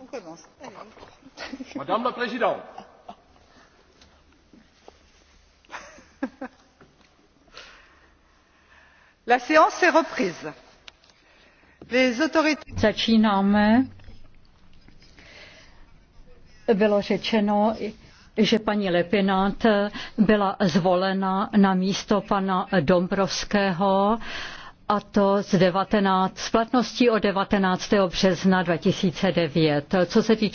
On commence. Allez. Madame la Présidente. La séance est reprise. Les autorités... Začínáme. Bylo řečeno, že paní Lepinant byla zvolena na místo pana Dombrovského a to z 19, s platností od 19. března 2009. Co se týče